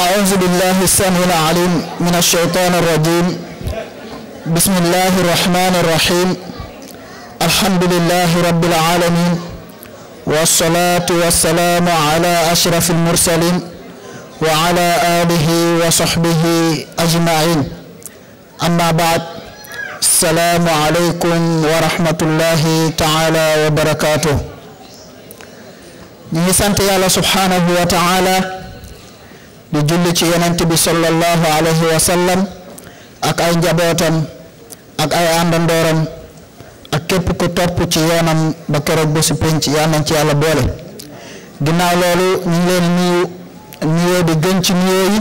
أعوذ بالله السميع العليم من الشيطان الرجيم بسم الله الرحمن الرحيم الحمد لله رب العالمين والصلاة والسلام على أشرف المرسلين وعلى آله وصحبه أجمعين أما بعد السلام عليكم ورحمة الله تعالى وبركاته نيسانت يا الله سبحانه وتعالى di julli ci yonent bi sallallahu alayhi wa ak ay njabootam ak ay àndandooram ak képp ku topp ci yoonam ba keroog bésu penc yal nañ ci yàlla boole ginnaaw loolu ñu leen nuyu nuyoo di gën ci nuyoo yi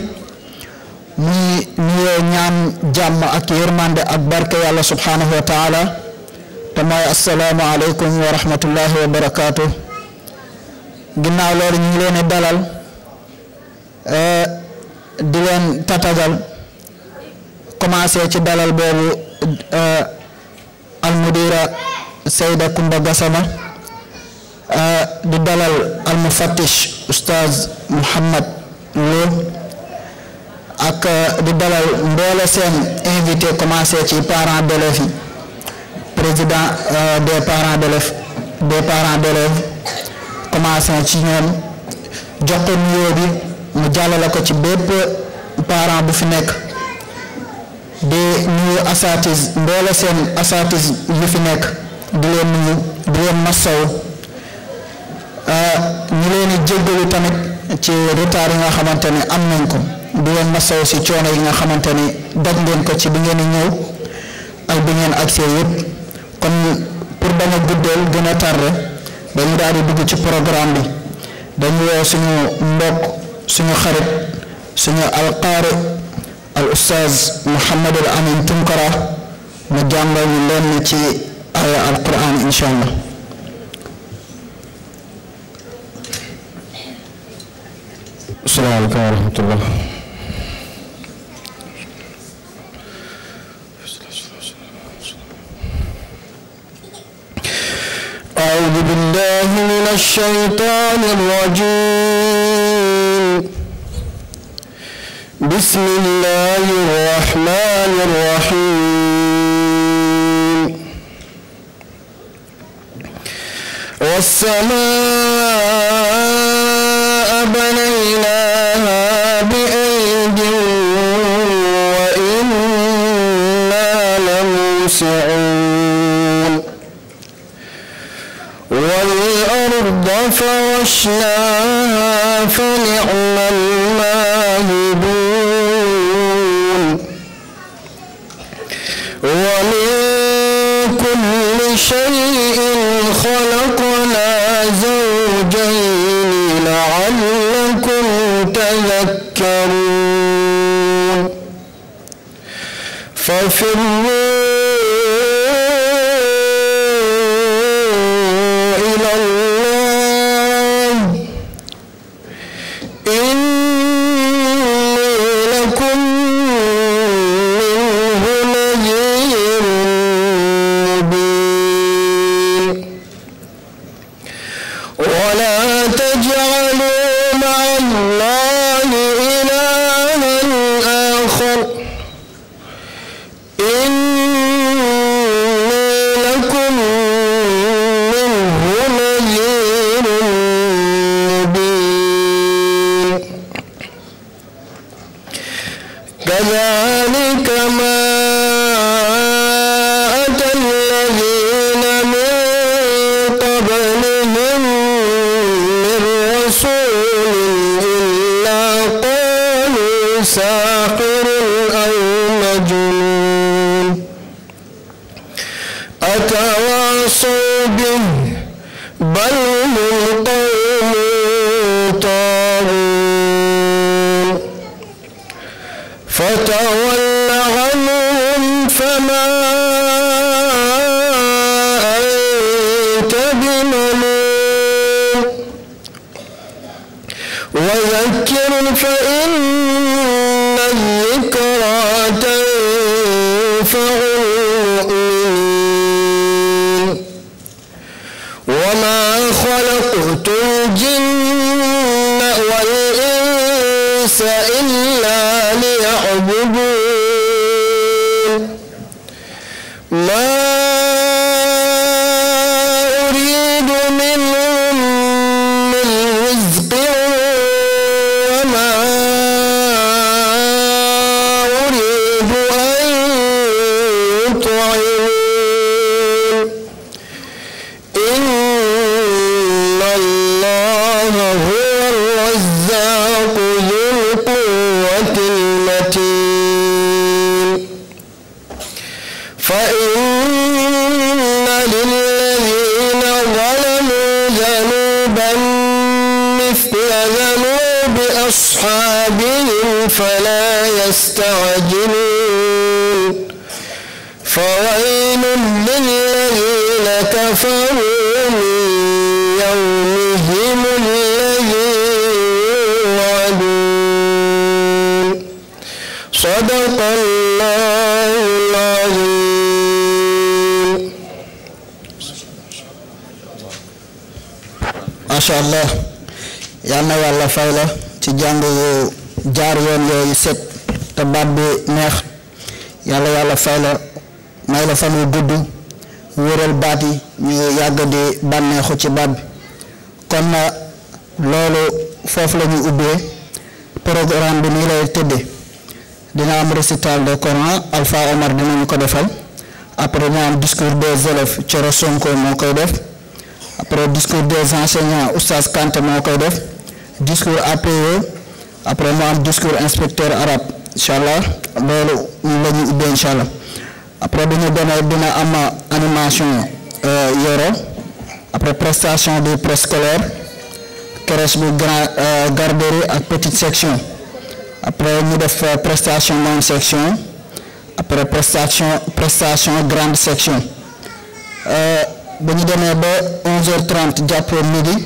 muy nuyoo ñaan jàmm ak yërmande ak barke yàlla subhanahu wa te mooy assalaamu aleykum wa wa barakaatu ginnaaw loolu ñu leen dalal Eh, di leen tatagal commencé ci dalal boobu eh, almudira Seyda Kumba Gassama eh, di dalal almufattish oustaz Mouhamed Lo ak di dalal mboole seen invité commencé ci parents d'élèves président des parents d'élèves des ci ñoom jox ko mu jàllale ko ci bépp parent bu fi nekk di nuyu asatis mboole seen asatis yu fi nekk di leen nuyu di leen massaw ah, ñu leen di jéggalu tamit ci retard yi nga xamante ni am nañ ko di leen massaw si coono yi nga xamante ni daj ngeen ko ci bi ngeen di ñëw ak bi ngeen agsee yëpp kon pour bañ guddeel gën a tardé dañu daal di dugg ci programme bi dañu woo suñu mbokk suñu xarit suñu alqaari al ustaaz Mouhamadul Amin Tunkara mu jàngal ñu lenn ci aya alquran incha allah. asalaamaaleykum wa rahmatullah. أعوذ بالله من الشيطان الرجيم بسم الله الرحمن الرحيم والسماء بنيناها بأيد وإنا لموسعون والأرض فرشناها فنعم يعرضون la fan wu gudd wéral baat yi ñu yàgg di bànneexu ci baat bi kon na loolu foofu la ñu ubbee programme bi nii lay tëddee dina am récital de Coran Alpha Omar dinañu ko defal après ñu am discours des élèves Thioro Sonko moo koy def après discours des enseignants Oustaz Kanté moo koy def discours APE après mu am discours inspecteur arabe incha allah loolu la ubbee incha allah après bu ñu demee dina am animation euh, yoro après prestation du préscolaire crèche bu grand euh, garderie ak petite section après ñu def euh, prestation moyenne section après prestation prestation grande section bu ñu demee ba 11h30 jàpp midi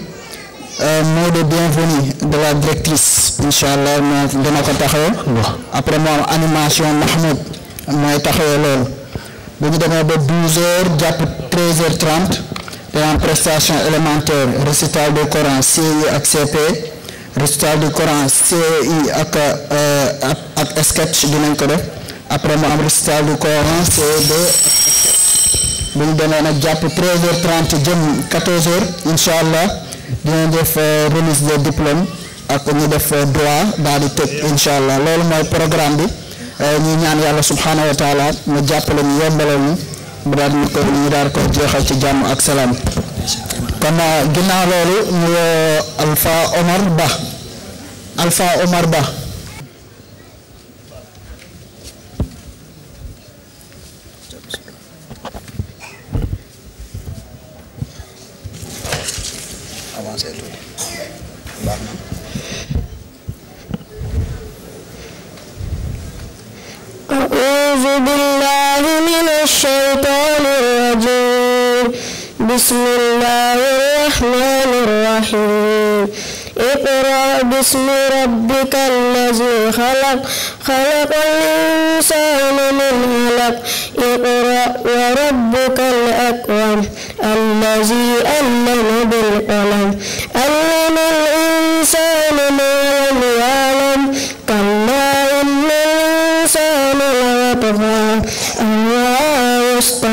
mot de bienvenue de la directrice incha allah moo dina ko taxawee. après moo am animation Mahmoud mooy taxawee loolu. bu ñu demee ba douze heures jàpp treize heures trente dana am prestation élémentaire récital du Coran CI ak CP récital du Coran CI euh, ak ak sketch dinañ ko def après mu am récital du Coran CE2 bu ñu demee nag jàpp treize heures trente jëm quatorze heures incha allah dinañ def euh, remise de diplôme ak ñu def euh, droit daal di tëj incha allah loolu mooy programme bi. Euh, ñu ñaan yàlla subhaanahu wa taala mu jàppale ñu yombalal daal ñu ko ñu daal ko jeexal ci jàmm ak salaam kon euh, ginnaaw loolu ñu Alpha Omar Ba Alpha Omar Ba. الشيطان الرجيم بسم الله الرحمن الرحيم اقرأ باسم ربك الذي خلق خلق الإنسان من علق اقرأ وربك الأكرم الذي علم بالقلم علم الإنسان ما لم يعلم كلا إن الإنسان ليطغى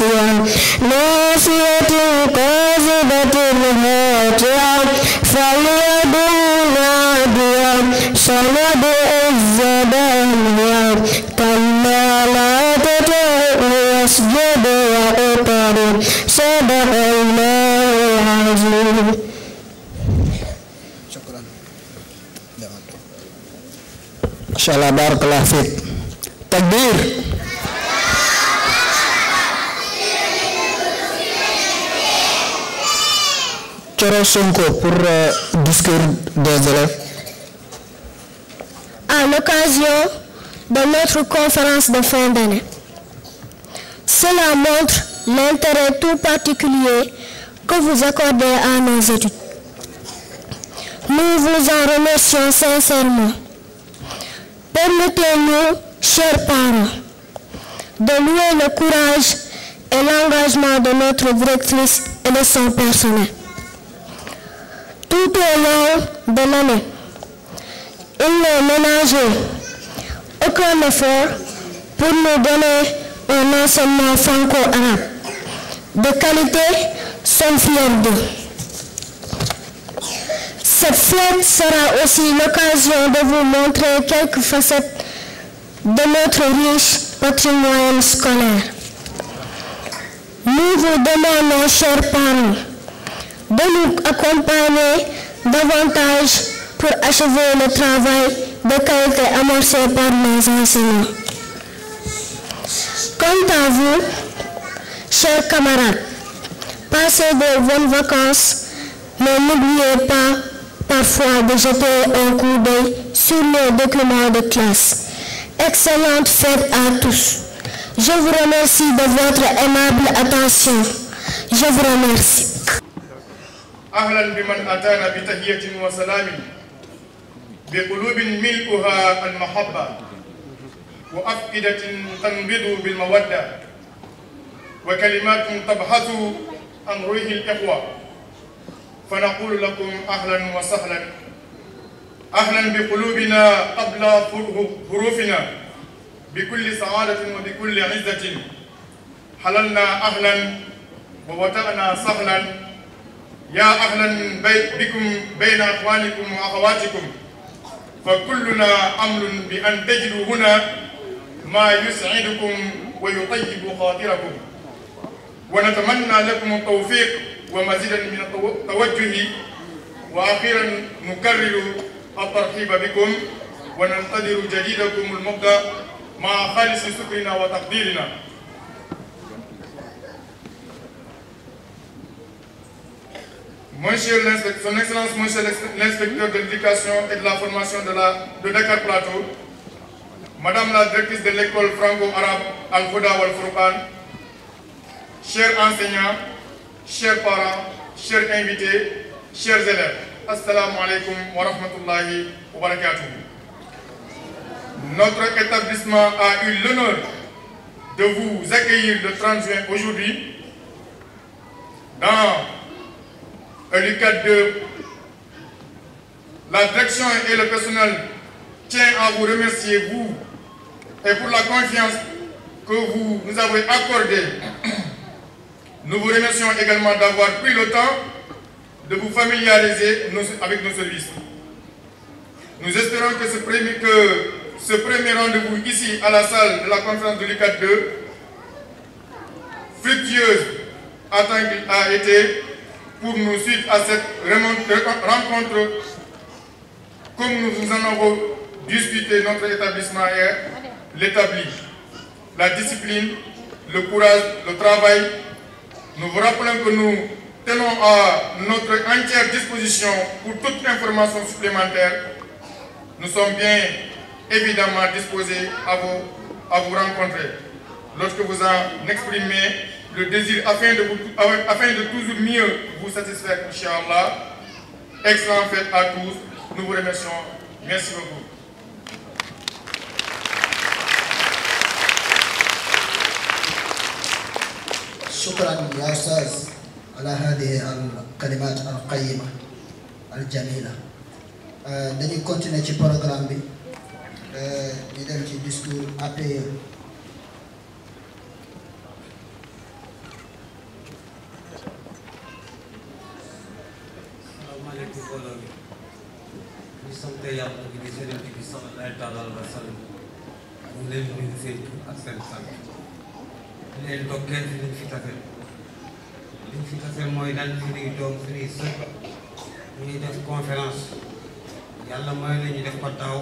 ناصية ناصية كاذبة خاطئة فليدع ناديا سندع الزبانية كلا لا تطعه واسجد واقترب صدق الله العظيم Masya Allah, barakallah fit. Takbir. Ousmane pour euh, discours des élèves. À l'occasion de notre conférence de fin d'année. l'intérêt tout particulier que vous accordez à nos études. Nous vous en remercions sincèrement. Permettez-nous, chers parents, de louer le courage et l'engagement de notre directrice et de son personnel. tout au long de l'année. Ils n'ont ménagé aucun effort pour nous donner un enseignement franco-arabe de qualité, sont fiers d'eux. Cette fête sera aussi l'occasion de vous montrer quelques facettes de notre riche patrimoine scolaire. Nous vous demandons, chers parents, de nous accompagner davantage pour achever le travail de calque amorcé par nos enseignants. Quant à vous, chers camarades, passez de bonnes vacances, mais n'oubliez pas parfois de jeter un coup d'œil sur nos documents de classe. Excellente fête à tous. Je vous remercie de votre aimable attention. Je vous remercie. ahlan biman atana bi tahiyatin wa salaamin bi qulubin mil'uha almahabba wa afidatin tanbidu bilmawadda wa kalimatin tabhasu an ruhi al-ikhwa fa naqulu lakum ahlan wa sahlan ahlan bi qulubina qabla hurufina bi kulli saadatin wa bi kulli izzatin halalna ahlan wa wata'na sahlan yaa ahlan bikum bayna axwaanikum wa axawaatikum fa kulluna amrun bi an tajidu huna maa yuscidukum wa yutayibu xaatirakum wa natamanna lakum altawfiq wa mazidan min altawajjuhi wa axiran nukarriru altarxiba bikum wa nantadiru jadidakum almubda maa xaalisi sukrina wa taqdirina Monsieur son Excellence, Monsieur l'inspecteur de l'éducation et de la formation de, la, de Dakar Plateau, Madame la directrice de l'école franco-arabe Al-Huda wal Furqan, chers enseignants, chers parents, chers invités, chers élèves, Assalamu alaikum wa rahmatullahi wa Notre établissement a eu l'honneur de vous accueillir le 30 juin aujourd'hui l'UCAD La direction et le personnel tiennent à vous remercier, vous, et pour la confiance que vous nous avez accordée. Nous vous remercions également d'avoir pris le temps de vous familiariser avec nos services. Nous espérons que ce premier, rendez-vous ici à la salle de la conférence de l'UCAD 2, fructueuse, a été pour nous suivre à cette rencontre. Comme nous en avons discuté, notre établissement est l'établi, la discipline, le courage, le travail. Nous rappelons que nous tenons à notre entière disposition pour toute information supplémentaire. Nous sommes bien évidemment disposés à à vous rencontrer lorsque vous en exprimez le désir afin de, vous, euh, afin de toujours mieux vous satisfaire, Inch'Allah. Excellent fête à tous. Nous vous remercions. Merci beaucoup. شكرا يا أستاذ على هذه الكلمات القيمة الجميلة dañuy continuer ci programme bi di euh, dem ci discours APE sant yàlla bu ñu gisee rek di sant ay taalal wa sallam ñu leen di nuyu seen tur ak seen sant di leen dokkeel fi liñ fi tase liñ fi tase mooy dañ suñuy doom suñuy sët ñuy def conférence yàlla mooy la ñu def ko daaw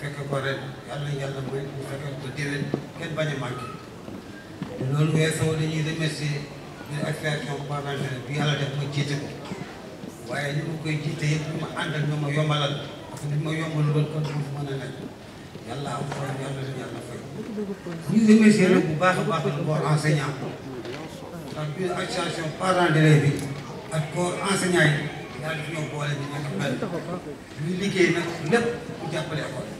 fekk ko ren yàlla yàlla mooy ñu fekk ko déwén kenn bañ a manqué loolu weesoo dañuy remercier une association parlementaire bi yàlla def ma jiite ko. waaye ñu ma koy jiite yëpp ñu ma àndal ñu ma yombalal parce que ma yombal lool kon du mën a nekk yàlla am bu baax a baax liggéey nag lépp ku jàppale école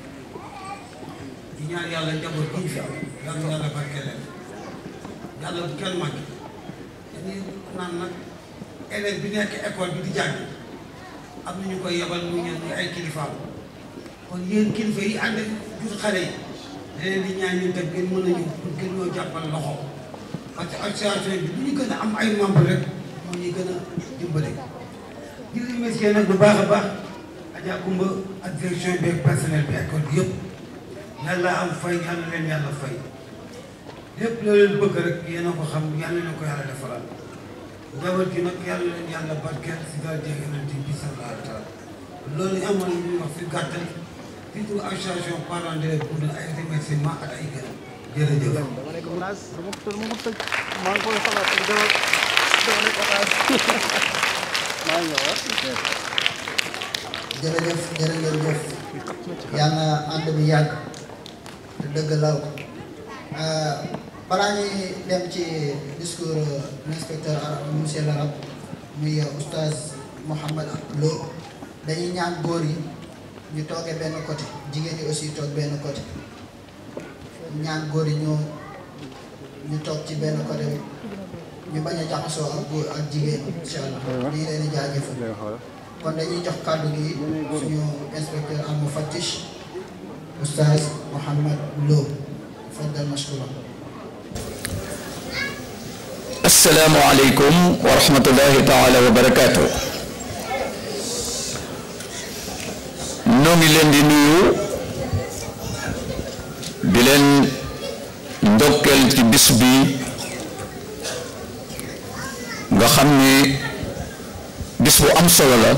naan nag. élève bi nekk école bi di jàng am na ñu koy yebal mu ñëw ñu ay kilifaam kon yéen kilifa yi ànd ak jur xale yi leneen di ñaan ñun tam ngeen mën a ñëw pour gën ñoo jàppal loxo a am ay membre rek moo ñuy gën nag bu baax a baax Adja Kumba ak direction bi ak personnel bi école bi yëpp yàlla am fay yàlla leen yàlla fay lépp loo leen bëgg rek yéen a ko xam yàlla leen ko yàlla defaral njaboot gi nag yàlla leen yàlla barkeel si daal jeex yonente bi sallallahu alayhi wa sallam loolu amoon ñu wax si gàttal surtout association parents d'élèves pour ay remerciements ak ay gërëm jërëjëf. maa ngi koy xalaat ak jamono maa ngi ñëwaat. Ah. jërëjëf jërëjëf yàlla ànd bi yàgg te dëgg law ah, balaa ñuy dem ci discours l'inspecteur euh, arabe monsieur l'arabe muy euh, oustaz Mouhammad Lo dañuy ñaan góor yi ñu toogee benn côté jigéen ñi aussi toog benn côté ñaan góor yi ñoo ñu toog ci benn côté bi ñu bañ a jaxasoo ak góor ak jigéen incha allah lii leen di jaajëfal kon dañuy jox kàddu gi suñu inspecteur al mufattish oustaz Mouhammad Lo faddal mashkouran asalaamualeykum wa rahmatullahi taala wa barakaatu noo ngi leen di nuyu di leen ndokkeel ci bis bi nga xam ni bis bu am solo la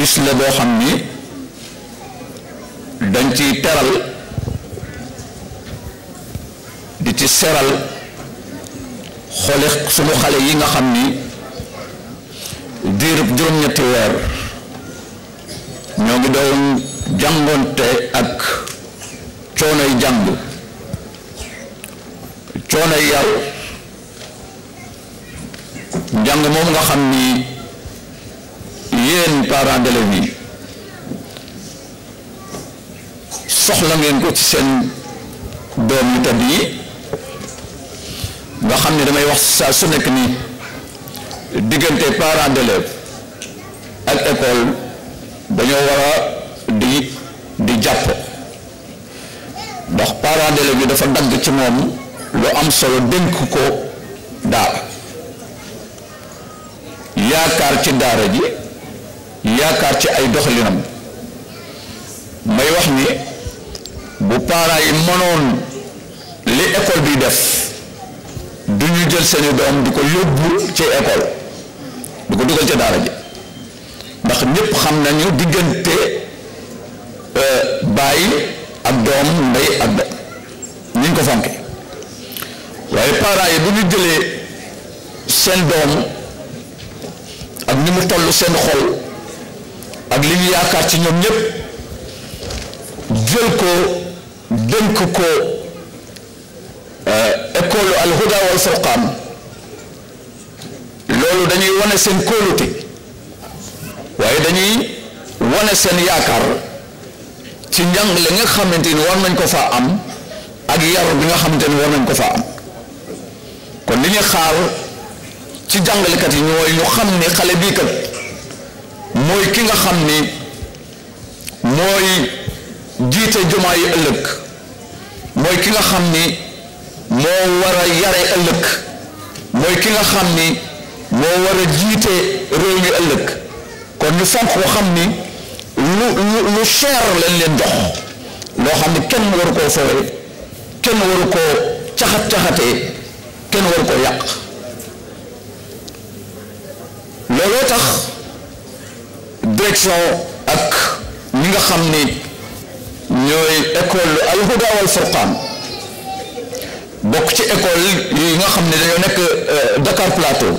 bis la boo xam ni dañ ciy teral ci seral xoole sunu xale yi nga xam ni diirub juróom-ñetti weer ñoo ngi doon jàngoonte ak coonoy jàng coonoy yar jàng moom nga xam ni yéen parents d'élèves yi soxla ngeen ko ci seen doom yu yi nga xam ne damay wax saa su nekk nii diggante parents d'élèves ak école dañoo war a di di jàpp ndax parents d'élèves yi dafa dagg ci moom lu am solo dénk ko daara yaakaar ci daara ji yaakaar ci ay doxalinam may wax ni bu parents yi mënoon li école bi def du ñu jël seeni doom di ko yóbbu ci école di ko dugal ca daara ji ndax ñëpp xam nañu diggante euh, bàyyi ak doom ndey ak doom ñu ko fonke waaye parents yi bu ñu jëlee seen doom ak ni mu toll seen xol ak li ñu yaakaar ci ñoom ñëpp jël ko dénk ko Euh, école al huda wal furqaan loolu dañuy wane seen kóolute waaye dañuy wane seen yaakaar ci njàng li nga xamante ni war nañ ko faa am ak yar bi nga xamante ni war nañ ko faa am kon li ñu xaar ci jàngalekat yi ñooy ñu xam ni xale bii kat mooy ki nga xam ni mooy jiite jumaa yi ëllëg mooy ki nga xam ni moo war a yare ëllëg mooy ki nga xam ni moo war a jiite réew mi ëllëg kon ñu fonk ko xam ni lu lu lu cher lañ leen jox loo xam ni kenn waru koo fowee kenn waru koo caxat-caxatee kenn waru koo yàq looloo tax direction ak ñi nga xam ni ñooy école Al Huda wal Furqan bokk ci école yi nga xam ne dañoo nekk euh, Dakar Plateau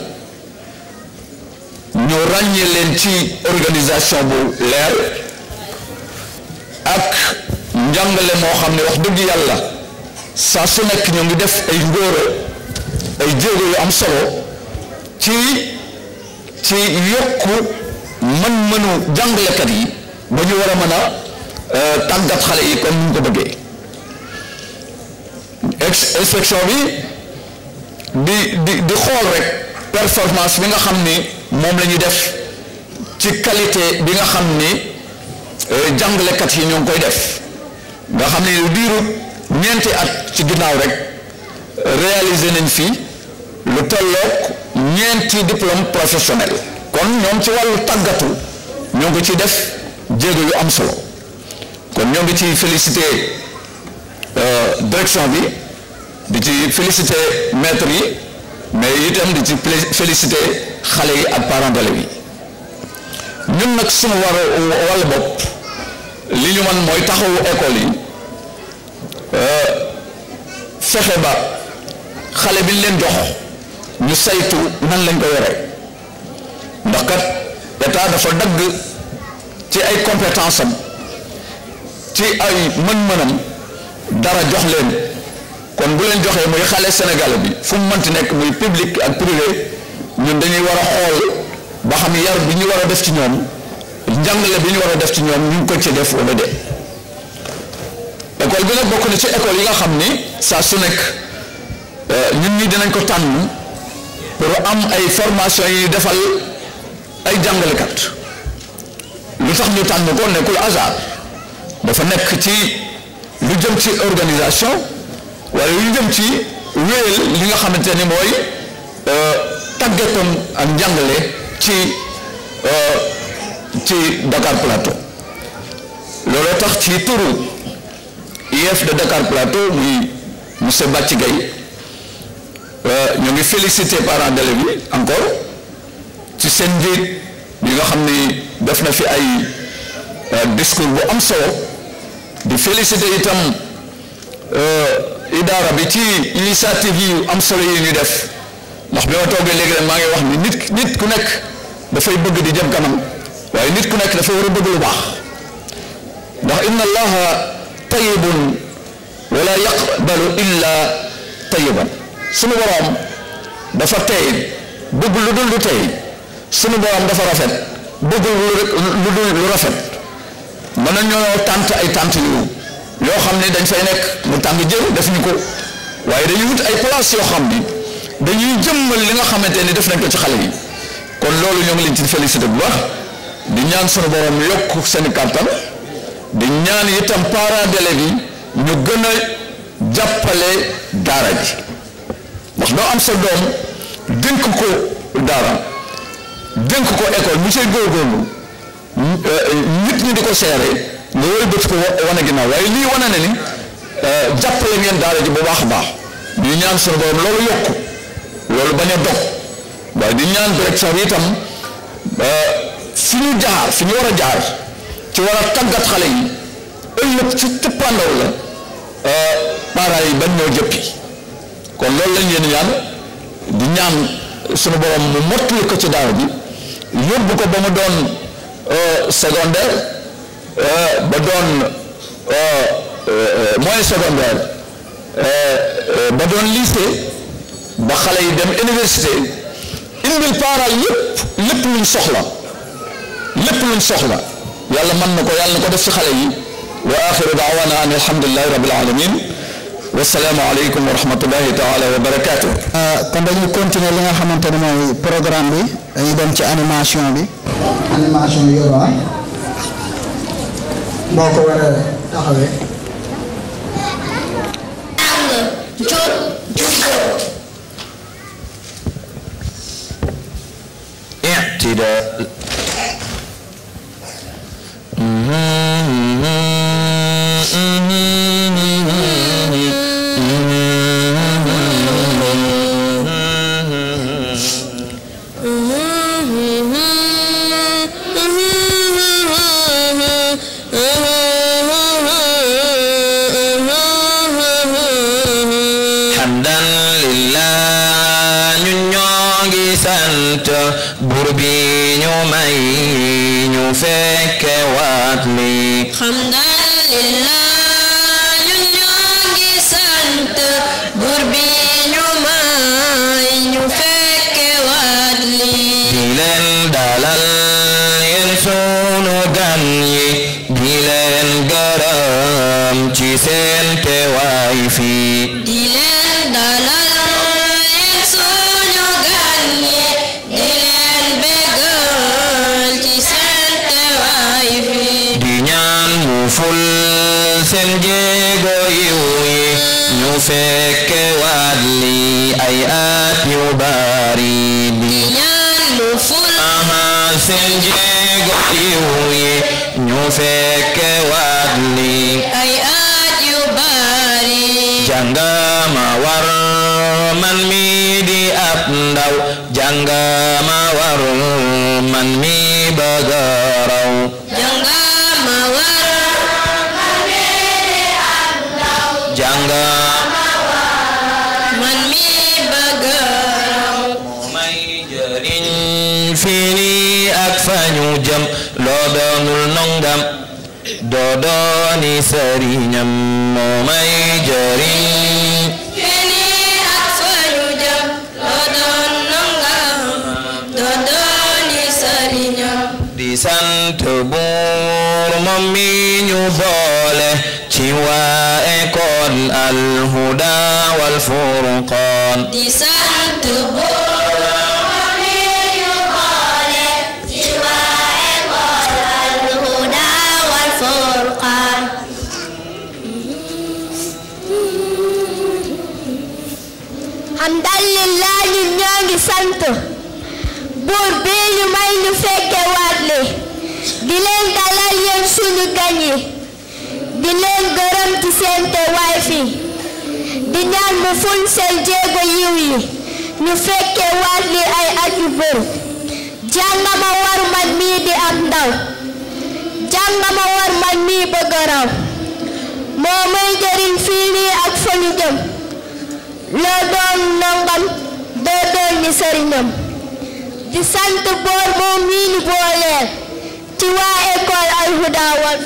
ñu ràññee leen ci organisation bu leer ak njàngale moo xam ne wax dëgg yàlla saa su nekk ñoo ngi def ay ngóora ay jéego yu am solo ci ci yokku mën-mënu jàngalekat yi ba ñu war a mën a euh, tàggat xale yi comme ni ñu ko bëggee inspection bi di di di xool rek performance bi nga xam ni moom lañuy def ci qualité bi nga xam ni euh, jàngalekat yi ñoo ngi koy def nga xam ni lu diiru ñeenti at ci ginnaaw rek euh, réaliser nañ fi lu tolloog ñeenti diplôme professionnel kon ñoom ci wàllu tàggatu ñoo ngi ci def jéego yu am solo kon ñoo ngi ciy félicité euh, direction bi di ci félicité maître yi mais itam di ci félicité xale yi ak parents d'élèves yi ñun nag suñu war wàll bopp li ñu man mooy taxawu école yi euh, fexe ba xale bi leen jox ñu saytu nan lañ ko yore ndax kat état dafa dagg ci ay compétence am ci ay mën-mënam dara jox leen kon bu leen joxee muy xale Sénégal bi fu mu mënti nekk muy public ak privé ñun dañuy war a xool ba xam yar bi ñu war a def ci ñoom njàngale bi ñu war a def ci ñoom ñu ngi ko ci def wala de école bi nag bokk na ci école yi nga xam ni saa su nekk euh, ñun ñi dinañ ko tànn pour am ay formation yi defal ay jàngalekat lu sax ñu tànn ko nekkul hasard dafa nekk ci lu jëm ci organisation. waaye yu jëm ci wéyal li nga xamante ni mooy euh, tàggatam ak njàngale ci euh, ci Dakar Plateau looloo tax ci turu IEF de Dakar Plateau muy monsieur Bathie gay euh, ñoo ngi félicité parents d'élèves bi encore ci seen njiit bi nga xam ni def na fi ay discours bu am solo di félicité itam idaara bi ci initiative yu am solo yi ñu def ndax bi ma toogee léegi rek maa ngi wax ni nit nit ku nekk dafay bëgg di jëm kanam waaye nit ku nekk dafay war a bëgg lu baax ndax inna allaha tayibun wala yaqbalu illa tayiban sunu boroom dafa tey bëgg lu dul lu tey sunu dafa rafet bëgg rafet mën nañoo tànt ay tànt yu yoo xam ne dañ fay nekk mu tàng jër def ñu ko waaye dañuy wut ay place yoo xam ni dañuy jëmmal li nga xamante ni daf nañ ko ci xale yi kon loolu ñoo ngi leen ci félicité bu baax di ñaan sunu borom yokk seen kàttan di ñaan itam parents d'élèves yi ñu gën a jàppale daara ji ndax doo am sa doom dénk ko daara dénk ko école mu see góorgóorlu euh, nit ñi di ko seere loolu def ko wane ginnaaw waaye lii wane na ni euh, jàppale ngeen daara ji bu baax a baax ñu ñaan sunu borom loolu yokk loolu bañ a dog waaye ñaan direct sax itam euh, fi ñu jaar fi a jaar ci war a xale yi ëllëg ci cëppaandaw la euh, parents yi bañ ñoo jëppi kon loolu lañ leen ñaan di ñaan sunu borom mu mottali ko ci daara bi yóbbu ko ba mu doon secondaire ba doon eh, eh, moyen secondaire eh, ba doon lycée ba xale yi dem université indil parents yëpp lépp luñ soxla lépp luñ soxla yàlla man na ko yàlla na ko def ci xale yi wa axiru daawana an alhamdulilahi rabbil alamin wa salaamu aleykum wa rahmatullahi taala wa barakaatu. Euh, kon dañuy continuer li nga xamante ne mooy programme bi dañuy dem ci animation bi. animation Yoba. moo ko war a taxawee. اعتدال jangama war man mi bagaraw jangama may jariñ fini ak fañu jëm loo doonul nongam doo dooni والفرقان di sant xamdan lillah ñun buur bi may ñu fekke waat li di leen dalal yéen suñu gan di leen gërëm ci seen teewaay fii ñaan mu ful seen jéego yiw yi ñu fekke waat li ay at yu bëri jàngama war man mii di am ndaw jàngama war man mii bëgg raw moo may jëriñ fii nii ak fa loo doon nangam doo doon ni sëriñam di sant boor moom mii ni booleel ci waa école Al Huda wal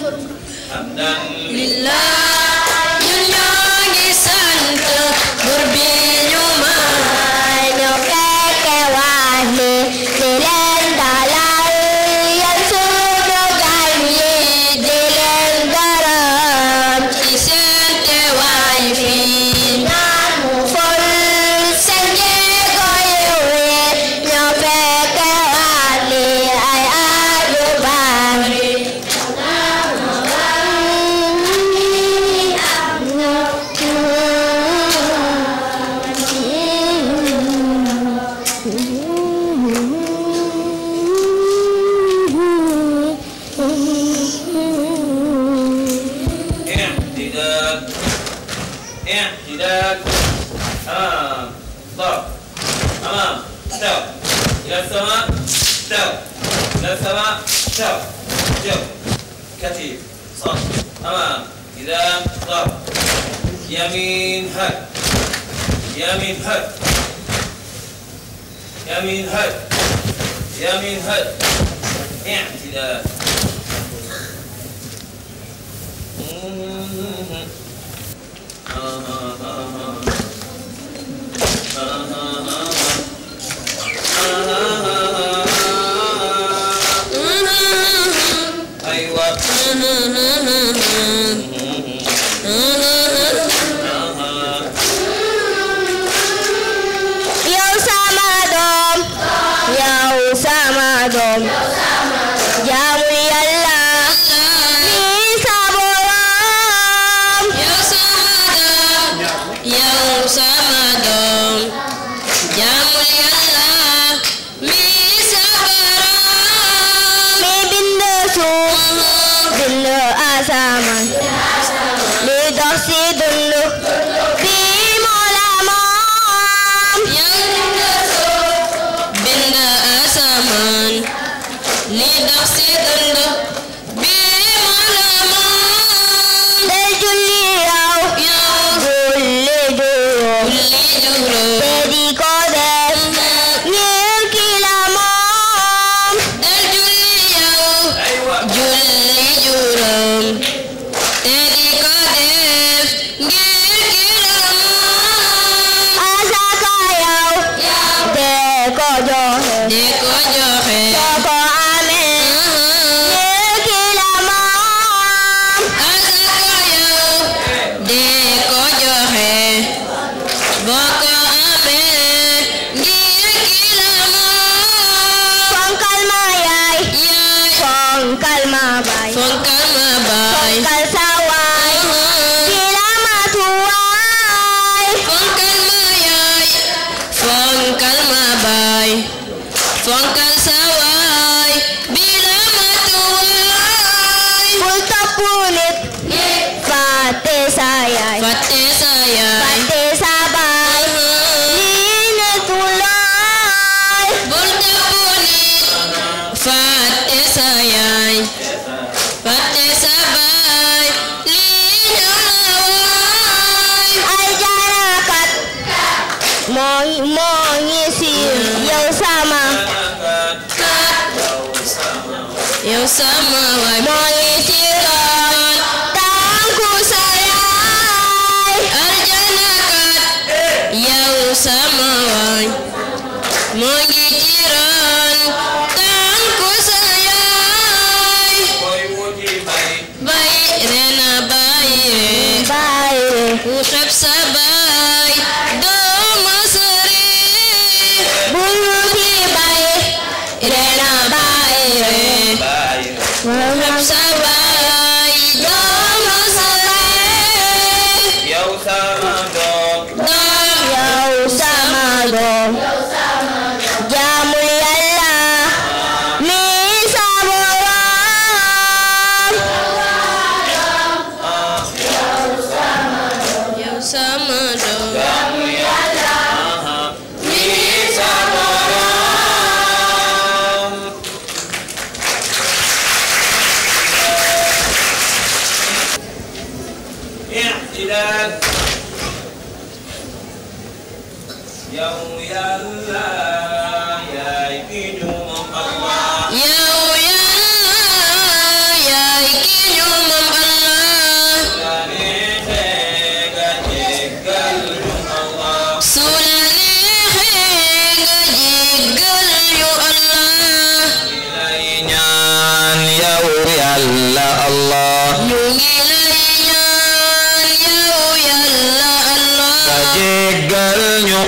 yàlla allah. ñu ngi lay ñaan yow yàlla allah. nga jéggal ñu.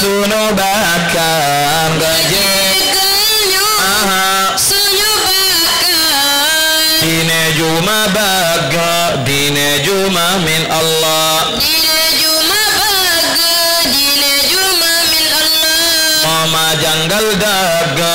sunu bàkkaar. nga jéggal ñu. sunu bàkkaar. diine juma bagga. diine juma min allah. diine juma bagga. diine juma min allah. moo ma jàngal dagga.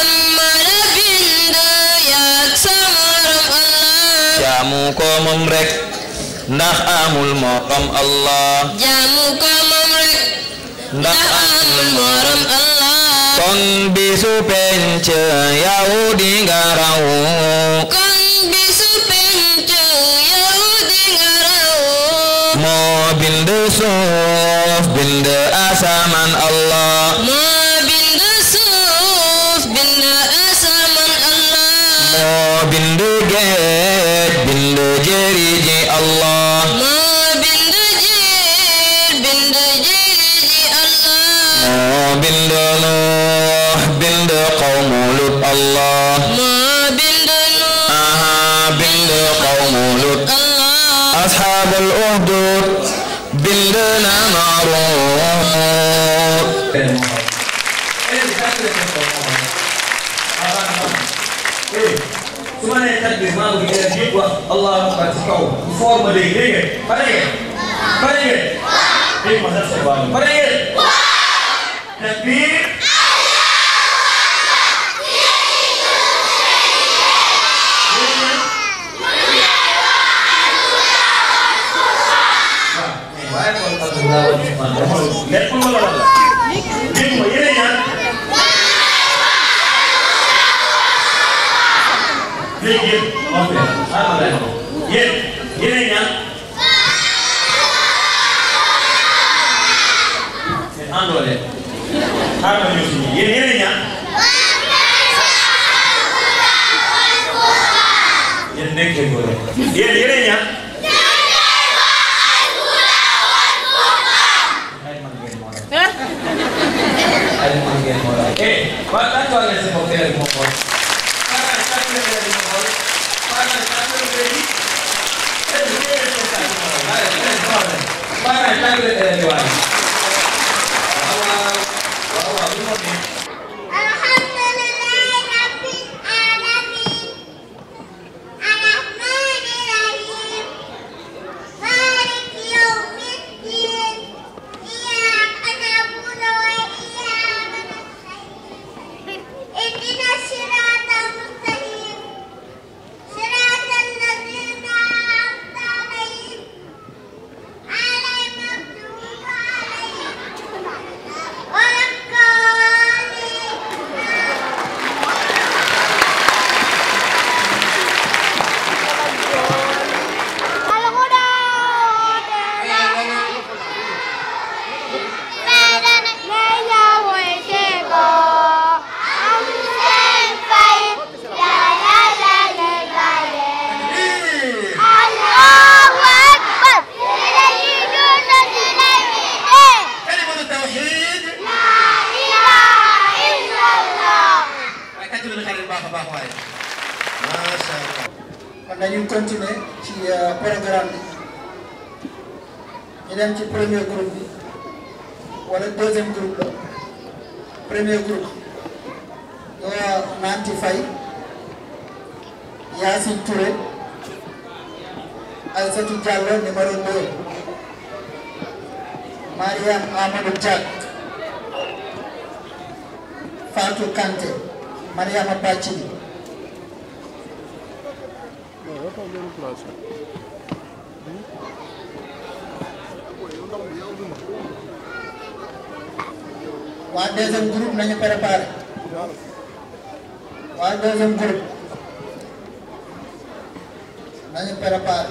jaamu ko moom rek ndax amul morom Allah jaamu ko Allah kon bisu penc yaw di nga raw kon bisu penc yaw di nga asamaan Allah Nuux bind qawmu Lut Allah moo bind Nuux aha bind qawmu Lut ashaabul uhdud bind na Maaruut su ma nee tàgg maa ngi leen di wax allah akbar ci kaw foo ma dégg dégg ngeen pare ngeen pare ngeen dégg ma sa sa baax pare ngeen takbir nekkul wala wala dégg nga yéen a ñaan dégg ngeen wax dëgg xaaral lay wax yéen yéen a ñaan te àndoo leen xaaral ñëw si ñii yéen yéen a ñaan yéen nekkee ko rek waa deuxième groupe nañu préparé waa deuxième groupe nañu préparé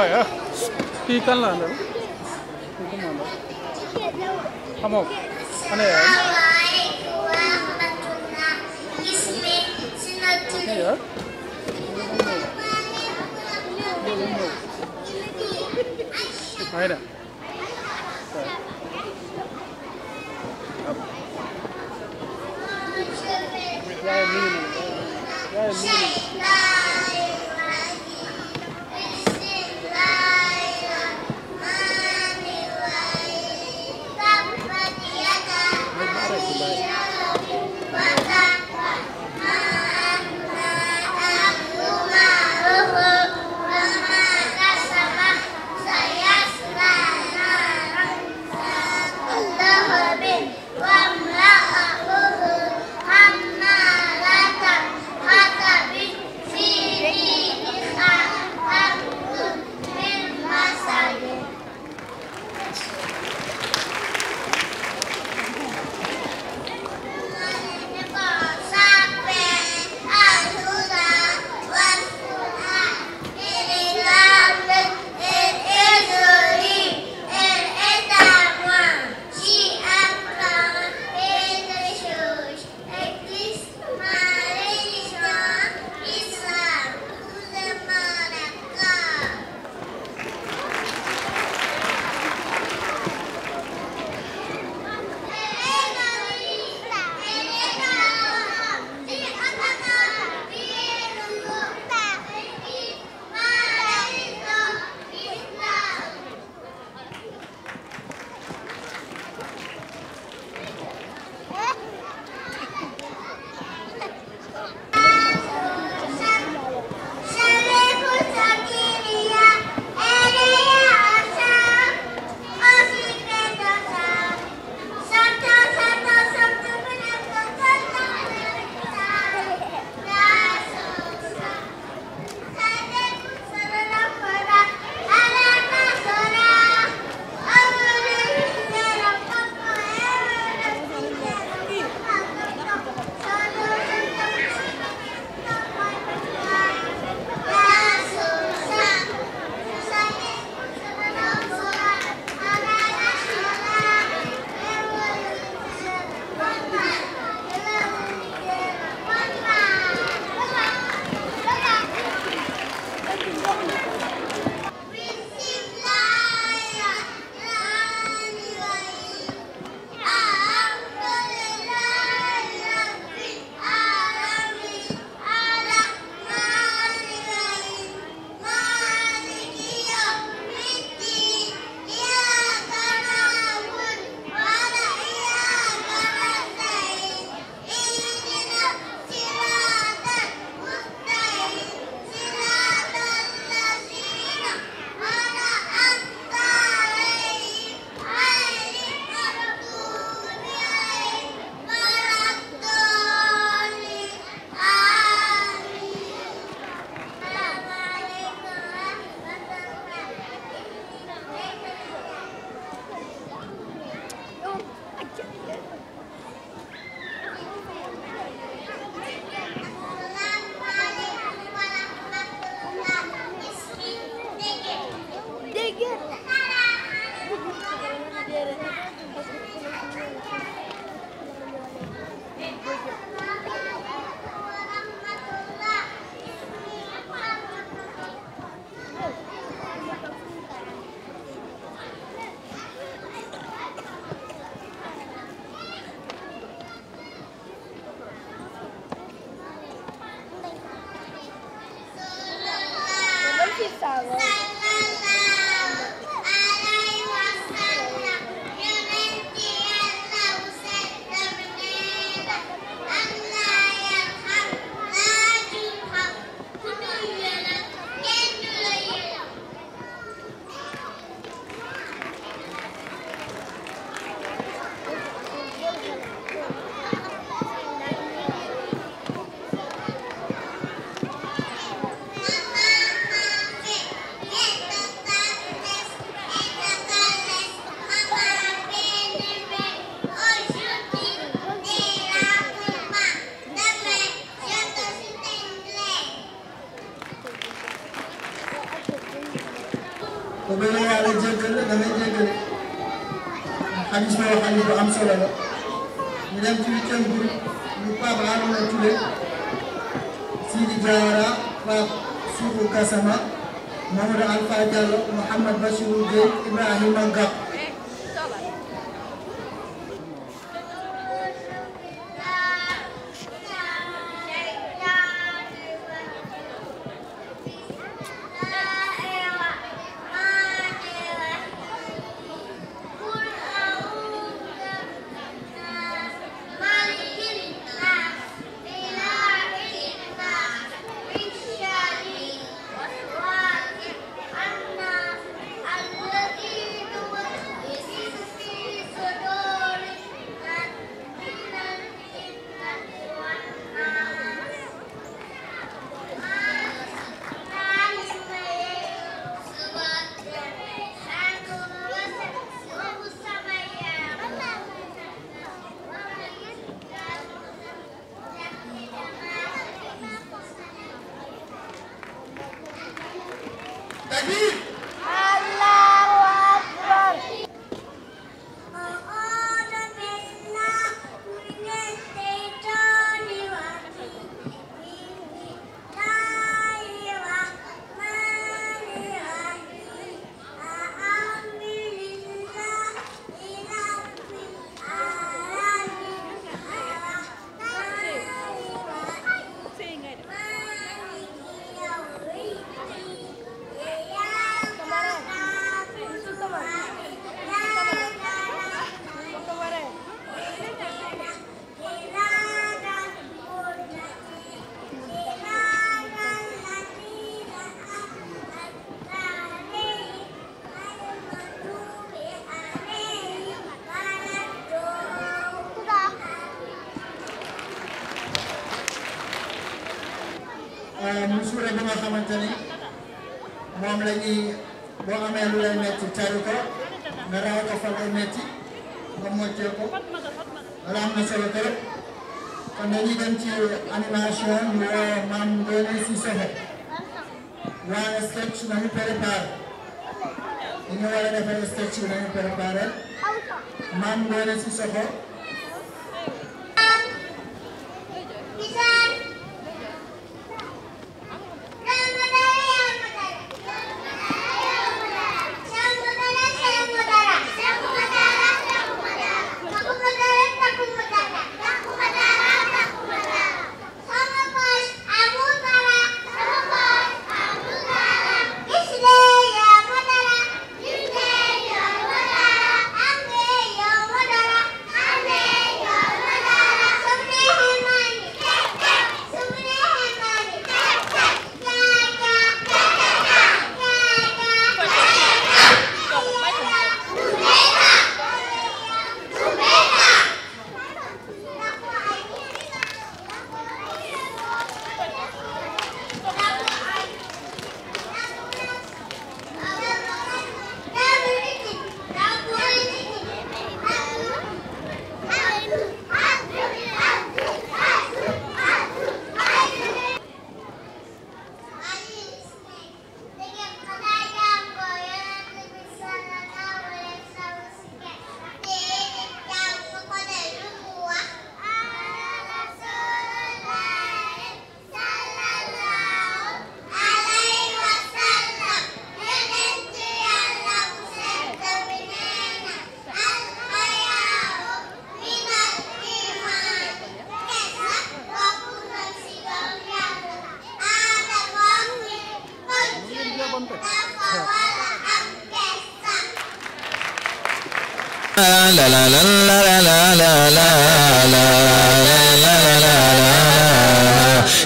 waaye kii kan la andal kii ku mu andal xamoo ko ana yaayam ana yaayam maa ngi dem yaayam mi ngi noonu yaayam mi ngi noonu mu suure nga xamante ni moom la ñuy boo amee lu lay metti tari ko nga raw ko fa lay metti nga moccee ko loolu am na solo trop kon dañuy dem ci animation ñu woo maam Ngoné Cissokho waa sketch nañu préparé ñu war a defar sketch nañu préparé maam Ngoné Cissokho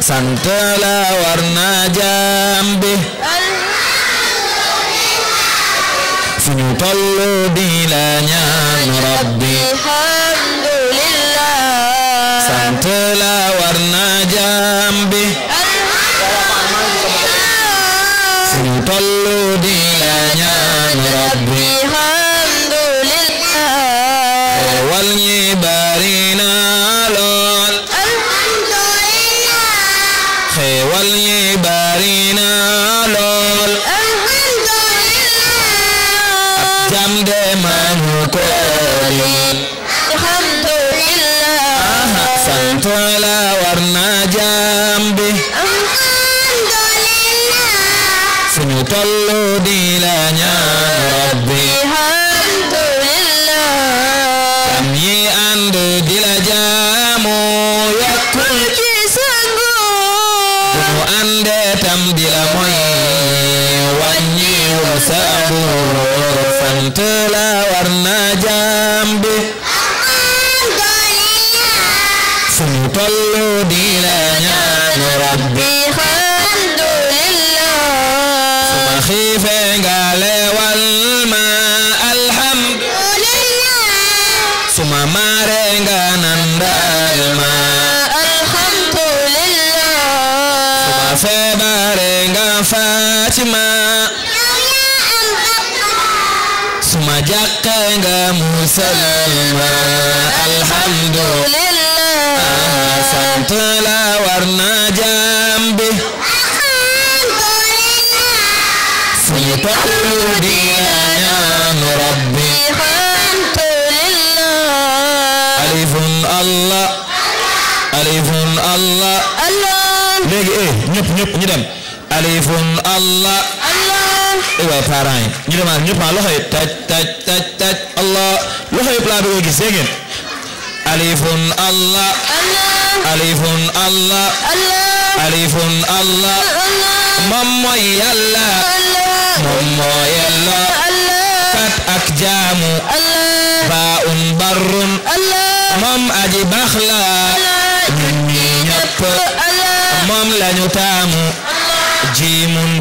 sant la war na jaam bi fu ñu tollu di la ñaan rabbi alhamdulillah sant la war na jaam bi fu ñu tollu di la ñaan rabbi revanche ñëpp maa loxo yi taj taj alifun allah alifun allah alifun allah kat ak jaamu baun barrun moom aji baax la ñun ñi ñëpp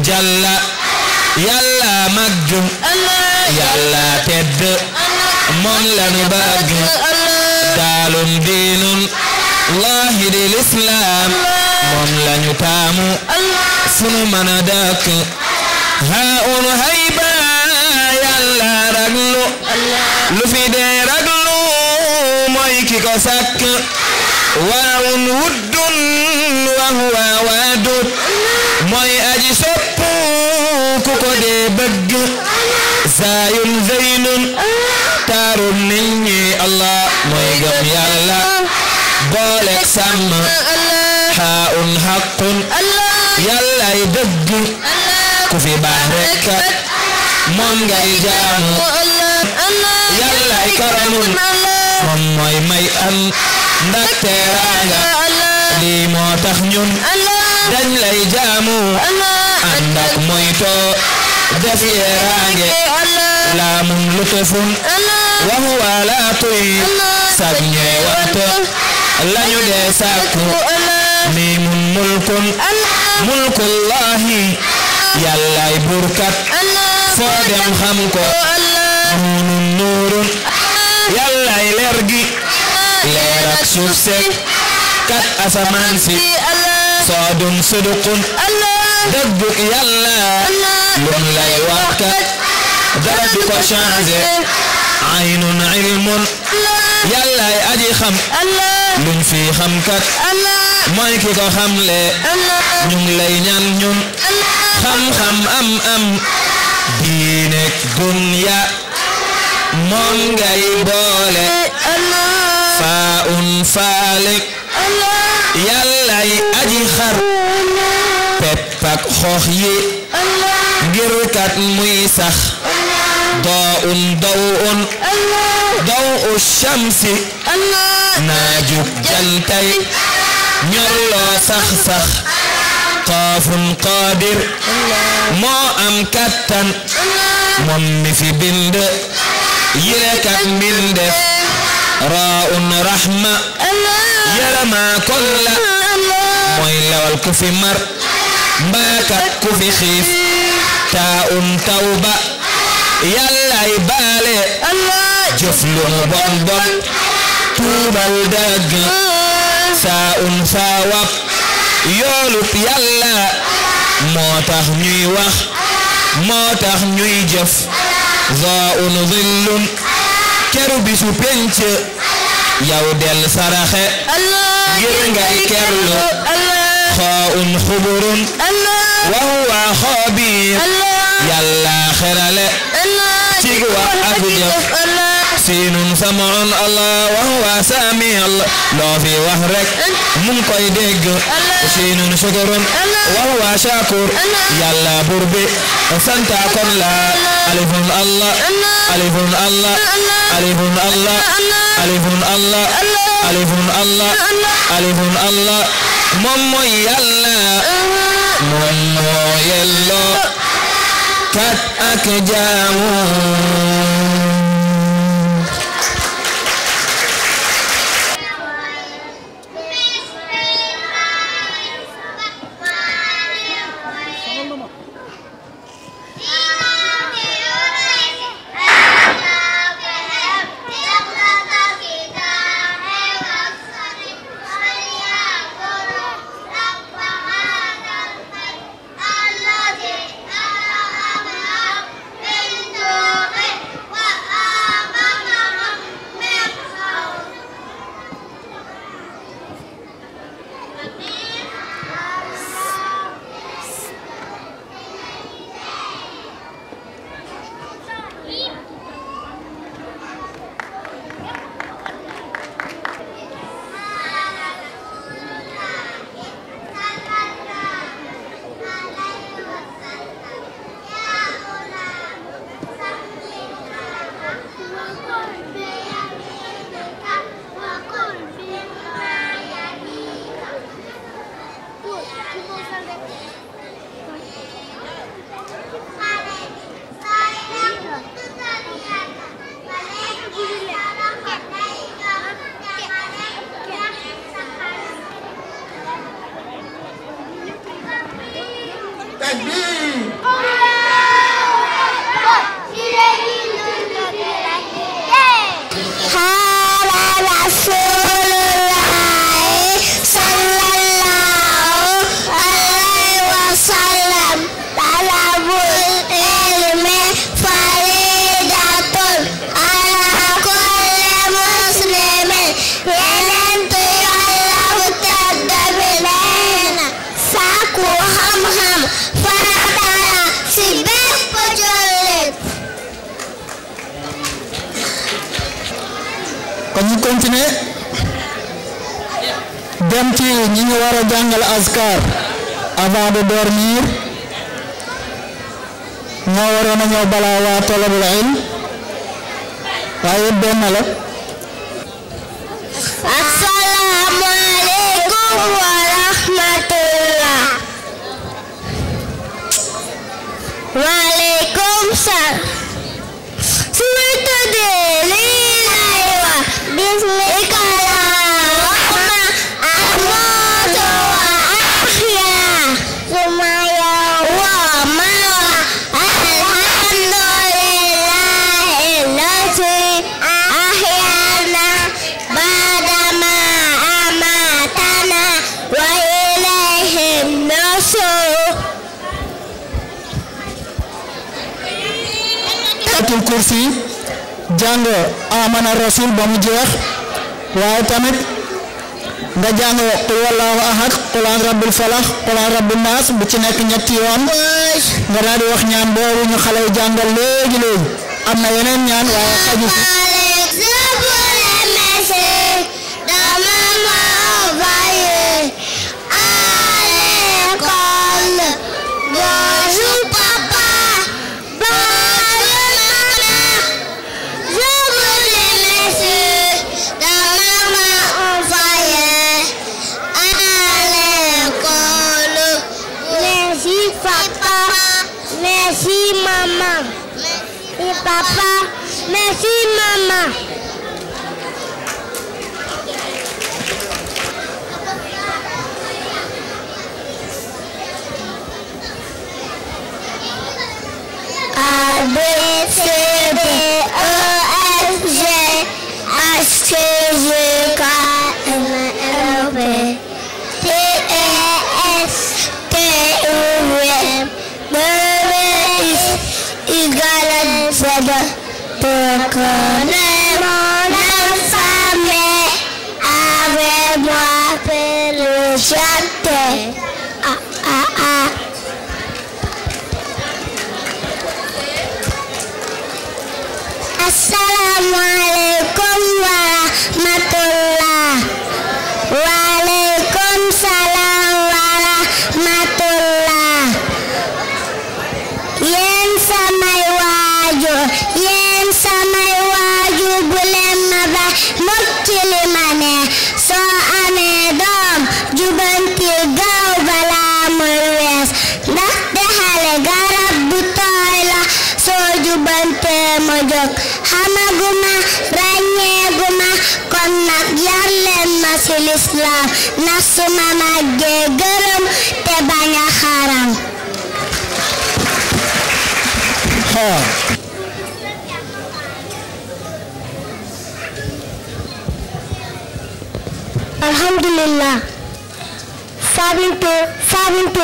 jalla yàlla màgg yàlla tedd moom lanu bëgg daalum diinun laahi di lislaam moom lañu taamu sunu mën a dëkk haa un hayba yàlla raglu lu fi dee raglu mooy ki ko sàkk wa huwa waadut booleeg sàmm xaa un xaqun yàllaay dëgg ku fi baax rek kat moom ngay jaamu yàllaay karamun moom mooy may am ndax teraanga lii moo tax ñun dañ lay jaamu ànd ak moytoo def yeraange laamun lutufun wa huwa laatuy sag ñeewante lañu dee sàkku ni mun mulkun mulkullahi yàllaay burkat foo dem xam ko nuunun nuurun yàllaay leer kat asamaan si soodun suduqun dëggu yàlla lay wax kat ko changé aynun ilmun yàllaay luñ fi xam kat mooy ki ko xamle ñu ngi lay ñaan ñun xam-xam am am diineek dunya moom ngay faa un faalik yàllay aji xar pepp ak xoox muy sax daa un daw un daw u shamsi naajug jantay ñorloo sax sax qaafun qaadir moo am kattan moom mi fi bind yilekat mbindef raa'un rahma yaramaa kon la mooy lawal ku fi mar mbaakat ku xiif taa'un tawba yàllaay baale jëf lu mu tuubal dëgg saa un saa wap yoolub yàlla moo tax ñuy wax moo tax ñuy jëf zaa un zillun keru bisu penc yow del saraxe ngir ngay kerlu xoo un xuburun wa huwa xoobiir yàlla xerale cig wax ak jëf siin samoon allah wa huwa saami allah loo fi wax rek mu ngi koy dégg siin sukurun wa huwa shakur yàlla buur bi santa kon la alifun allah alifun allah alifun allah alifun allah alifun allah alifun allah moom mooy yàlla uh-huh. moom moo yelloo kat ak jaamu dem ci ñi war a jàngal askar avant de dormir ñoo waroon a ñëw balaa waa talabul ilm waaye benn la kursi jàng amana rasul ba mu jeex waaye tamit nga jàng qul wallahu ahad qul an rabbil falax qul an rabbin naas bu ci nekk ñetti yoon nga daal di wax ñaan boobu ñu xale yi léegi léegi am na yeneen ñaan waaye xaju maman. Merci, papa. Merci, maman. تكون mokki li ma soo amee doom jubanti gaaw balaa muy wees ndaxte xale garab bu tooy la soo jubantee mu jóg xamaguma ràññeeguma kon nag yar leen ma lislaam na ma màggee gërëm te bañ a Alhamdulillah. 122, 122.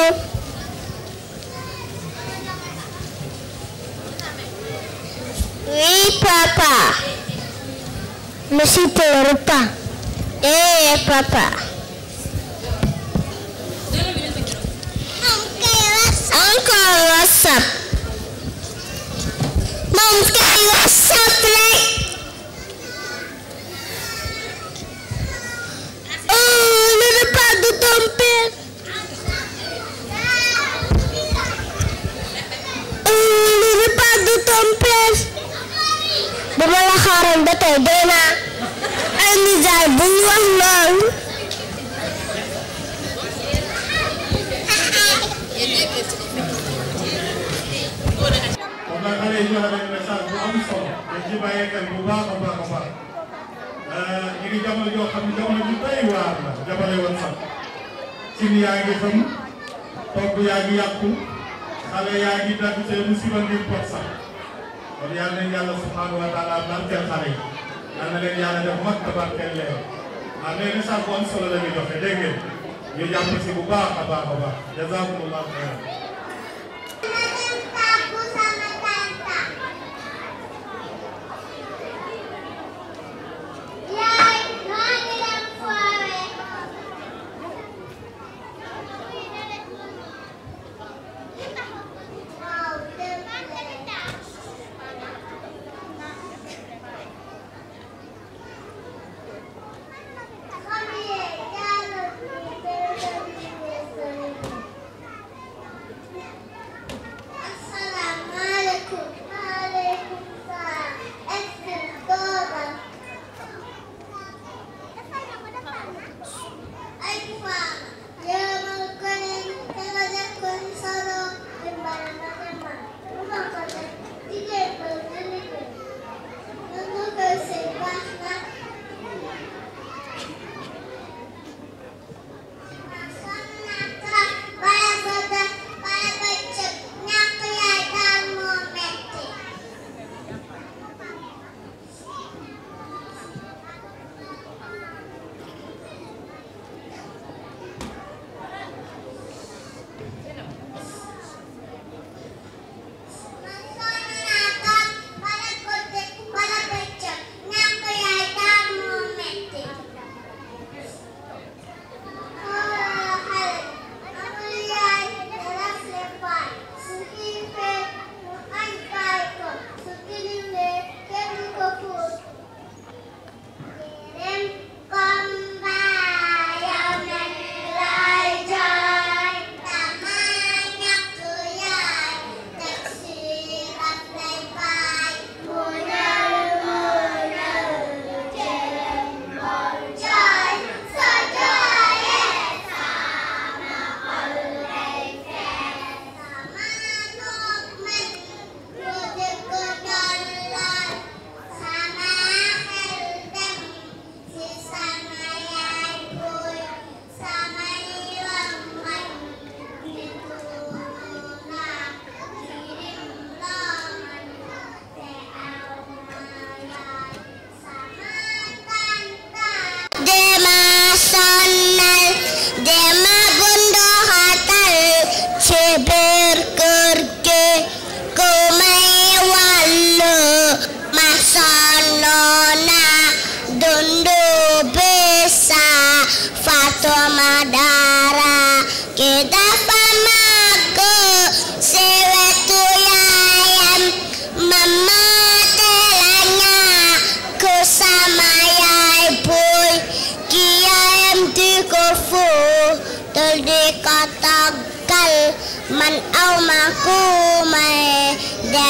Oui, papa. Mais si tu pas. Eh, papa. Encore WhatsApp. ba ma la xaaroon ba tey dee naa ay nijaay bu ñu wax loolu kon nag xale yi joxe nañ message bu am solo dañ ci bàyyi xel bu baax a baax a baax ñu ngi jamono joo xam ne jamono ju doy waar la jabale woon sax cin yaa ngi xam togg yaa ngi yàqu xale yaa ngi dagg seenu si ba ngir pot sax kon yal nañ yàlla subhaanahu wa taala barkeel xale yi yal na leen yàlla def mag te barkeel leen ah nee na sax bu am solo la ñu joxe dégg ngeen ñu jàpp si bu baax a baax a baax jazakumullahu xayran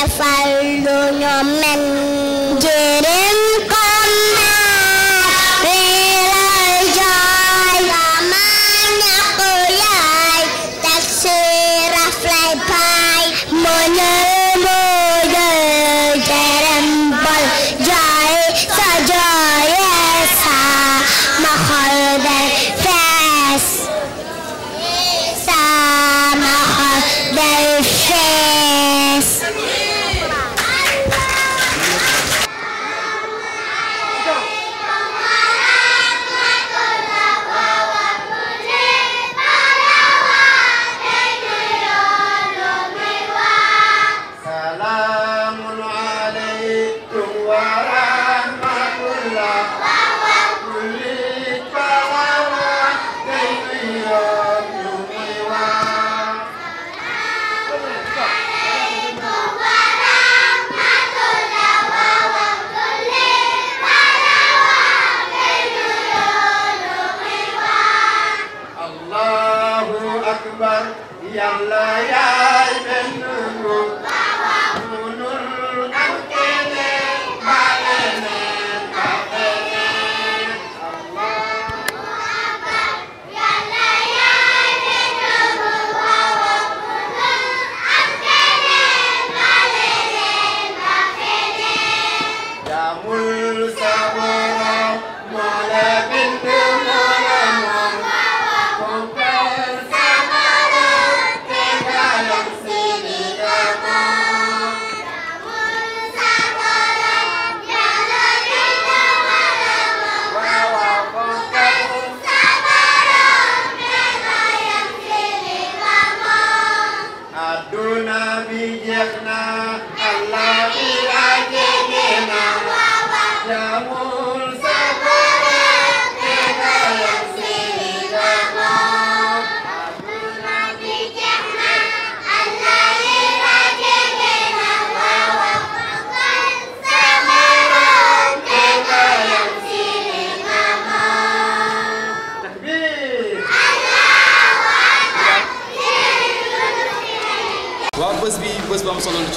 defal lu ñu mën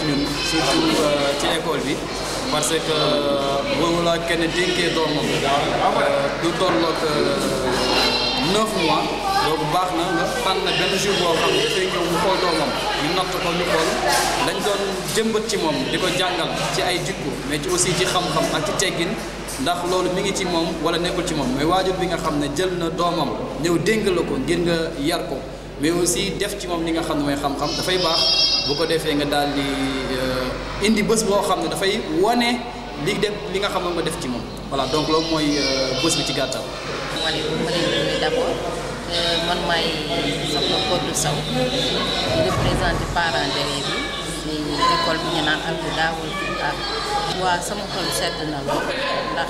ñun surtout euh, ci école bi parce que euh, boobu laa kenn dénkee doomam euh, du tolloog neuf mois donc baax na nga tànn benn jour boo xam ne dafay ñëw ñu natt ko ñu xool dañ doon jëmbat ci moom di ko jàngal ci ay jikko mais ci aussi ci xam-xam ak ci teggin ndax loolu mu ngi ci moom wala nekkul ci moom mais waajur bi nga xam ne jël na doomam ñëw dénk la ko ngir nga yar ko mais aussi def ci moom li nga xam ne mooy xam-xam dafay baax bu ko defee nga daal di euh, indi bés boo xam ne dafay wane li def li nga xam ne ma def ci moom voilà donc loolu mooy euh, bés bi ci gàttal. maaleykum ma leen di nuyu d'abord euh, man maay ci école bi ñu naan sama xol sedd na lool ndax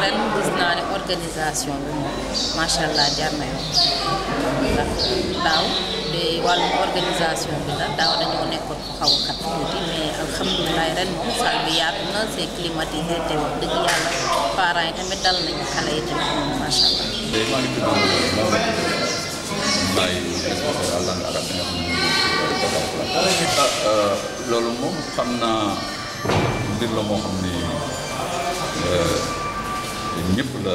ren gis naa ne organisation bi moom macha allah na yoon wàllum organisation bi la daaw dañoo nekkoon fu xaw xat tuuti mais alhamdulilah ren moom salle bi yaatu na c'est climatisé te wax dëgg yàlla parents yi tamit dal nañu xale yi tamit moom macha allah. loolu xam naa mbir la.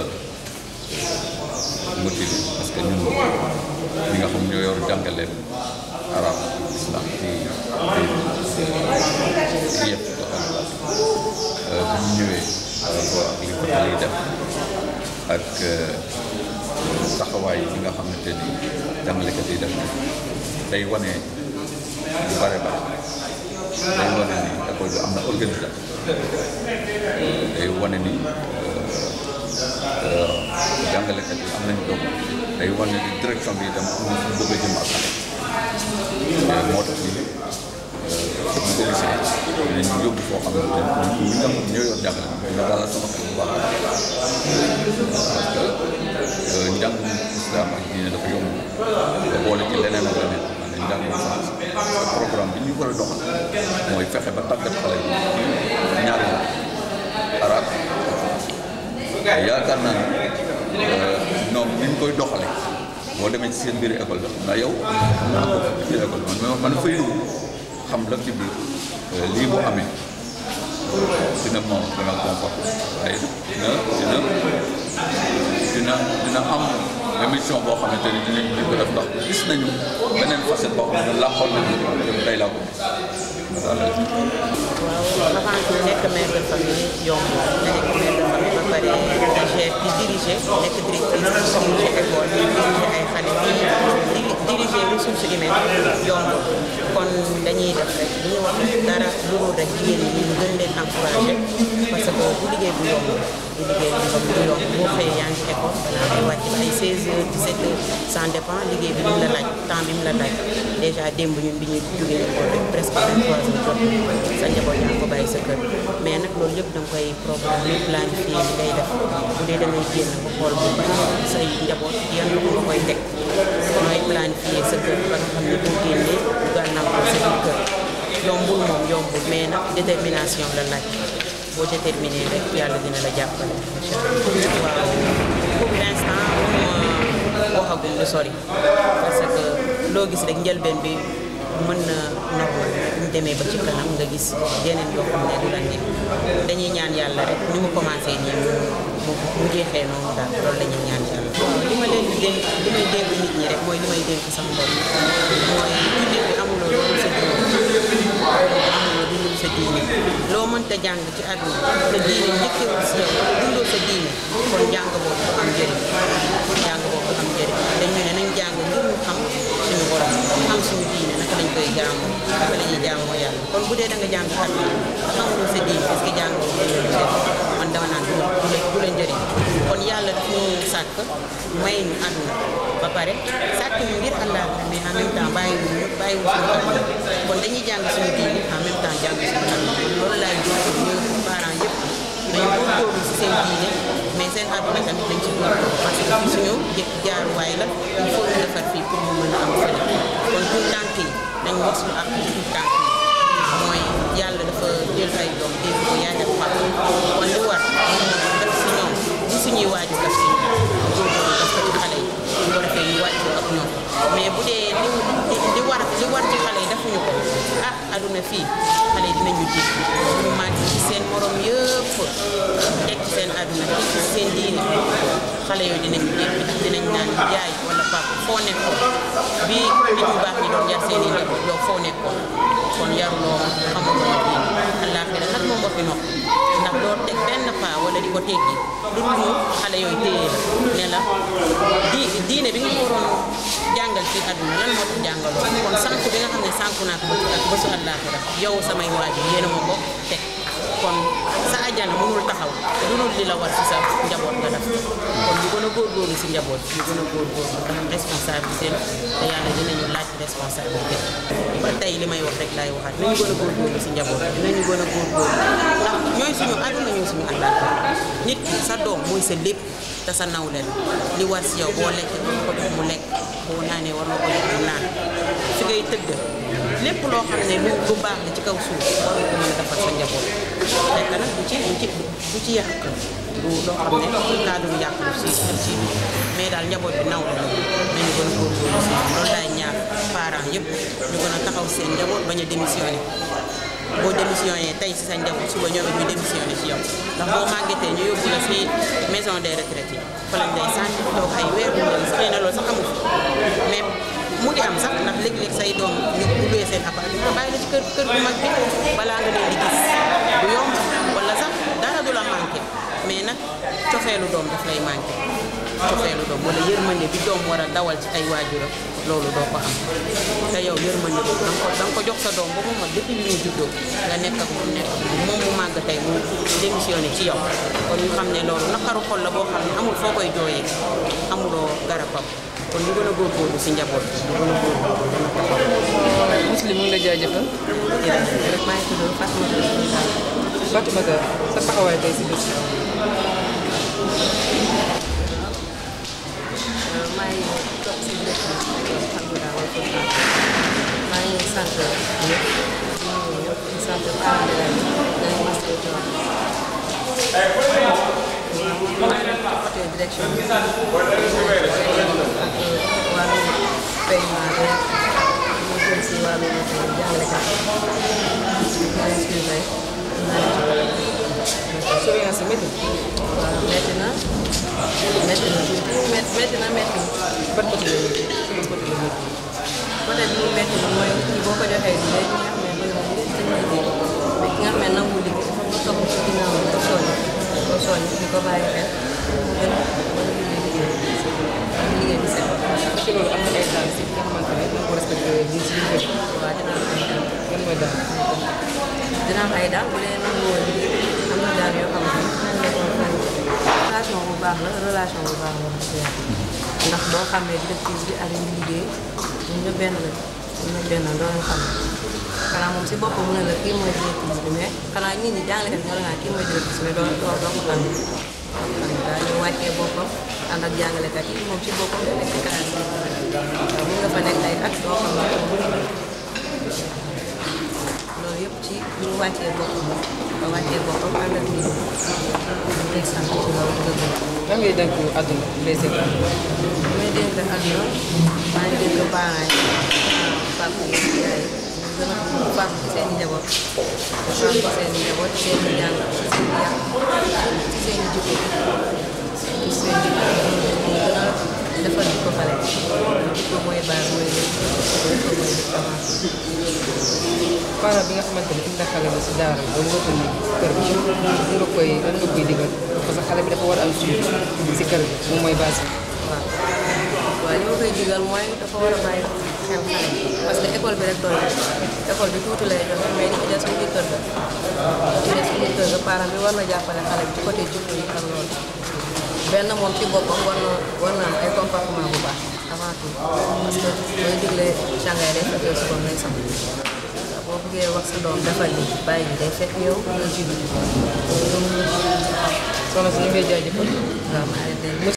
motivé parce que ñun ñi nga xam ñoo yor jàngaleem islam ci ci yëpp doxal euh, bu ñu ñëwee rapport euh, ak li ko dali ak euh, taxawaay yi nga xamante ni jàngalekat yi def na day wane lu bare bare day ni école bi am na organisation day ni jàngalekat yi am nañ doom day wane ne direction bi dem am na fu bëgg a jëm ak xale moo tax lii buñ ko yóbbu foo xam ne ñi nga xam ñoo euh, dafa yomb mooy fexe ba tàggat xale yi ñaari arab yaakaar naa euh, ne ñoom koy doxale boo demee ci seen biir école bi xam naa yow xam naa ko ci biir école man man fay dugg xam la ci biir euh, lii bu amee dina moom dina comporte waaye dina dina dina dina boo xamante nañu beneen facette ne làqoon nañu tey laa ko gis waaw avant nekk mère yore projet di diriger nekk directrice ci école di diriger ay xale diriger ressources humaines yombul kon dañuy def rek li ñu wax dara lu dul rek jigéen ñi ñu gën leen encouragé parce que bu liggéey bu yomb bu liggéey bu yomb boo xëyee yaa ngi école balaa ngay liggéey bi mu la laaj temps bi la laaj déjà démb ñun bi ñu jógee presque 23 heures jot sa njaboot yaa ngi ko bàyyi sa kër mais nag loolu yëpp da nga koy programme planifier li ngay def bu dee da génn ko xool bu baax njaboot yan nga koy teg nooy planifier sa kër ba nga xam ne boo génnee du gànnaaw ko sa biir kër yombul moom yombul mais nag détermination la laaj boo déterminé rek yàlla dina la jàppale incha allah waaw pour l'instant waxagum lu sori parce que loo gis rek njëlbeen bi mën na normal ñu demee ba ci kanam nga gis yeneen yoo xam ne du la dañuy ñaan yàlla rek ni mu commencé nii mu mu jeexee noonu daal loolu la ñaan. li ma leen di li may dénk nit ñi rek mooy li may dénk sama bopp mooy jullit bi amuloo lu sa diine loo mënta jàng ci àdduna sa diine njëkkewul sa dundoo sa diine kon jàng boobu du am njëriñ jàng boobu am njëriñ dañ ñu ne nañ jàng ngir ñu suñu borom xam suñu diine naka lañ koy jaamoo naka la ñuy jaamoo yàlla kon bu dee da nga jàng àdduna xamuloo sa diine parce que jàng boobu dama naan du la du la njëriñ kon yàlla daf ñu sàkk may ñu àdduna ba pare dañuy jàng suñu diine en même temps jàng suñu àdduna loolu la il faut dañ wax suñu ak dafa jël ay doom dégg ko yaay ak papa kon war suñuy waajur daf si xale yi bu ko ak ñoom mais bu dee li li war li war ci xale yi defuñu ko ah aduna fii xale yi dinañu ji ñu màgg ci seen morom yëpp teg ci seen aduna teg ci seen diine xale yooyu dinañu ji dinañ naan jaay wala pap foo nekkoon bii nit ñu baax ñi doon seen i njaboot yow foo nekkoon kon yaruloo xamuloo ak yéen àllaaxira nag moom moo doo xale yooyu téye ne kon ne sànku ci ak bésu àllaaxira yow samay waajur yéen a ma ko teg kon sa ajana mënul taxaw dunul li la war ci sa njaboot nga def kon ñu gën a góorgóorlu si njaboot ñu gën a te yàlla dinañu laaj responsabilité ba tey li may wax rek laay waxaat nañu gën a góorgóorlu si njaboot nañu gën a góorgóorlu ñooy suñu àdduna ñooy suñu àllaaxira nit ki sa doom mooy sa lépp te sa nawle la li war si yow boo lekk war ko jox mu lekk boo naanee war nga ko jox mu naan fi ngay tëdd lépp loo xam ne lu lu baax la ci kaw suuf war nga ko mën a defal sa njaboot fekk nag du ci du ci du ci yàq du loo xam ne laa doon yàq si si mais daal njaboot bi nawle la nañu gën a góorgóorlu si loolu daay ñaar parents yëpp ñu gën a taxaw seen njaboot bañ a démissionné boo démissionné tey si sa njaboot suba ñoom it ñu démissionné ci yow ndax boo màggetee ñu yóbbu la si maison des retraités fa lañ lay sànni toog ay weer bu ñu xëy na loolu sax amu fi mais mu ngi am sax ndax léeg-léeg say doom ñu ubbee seen appart bi bàyyi la ci kër kër bu mag bi balaa nga leen gis bu yomb wala sax dara du la manqué mais nag cofeelu doom daf lay manqué. cofeelu doom wala yërmande bi doom war a dawal ci ay waajuram loolu doo ko am te yow yërmande boobu da ko da ko jox sa doom ba mu mag màgg tey mu démissionné ci yow kon ñu xam ne loolu naqaru xol la boo xam ne amul foo koy jooyee amuloo garabam kon ñu gën a góorgóorlu si njaboot ñu gën a góorgóorlu dana muslim mu ngi la jaajëfal. jërëjëf sa taxawaay tey si bés fekk yow nga jiitu. soxna si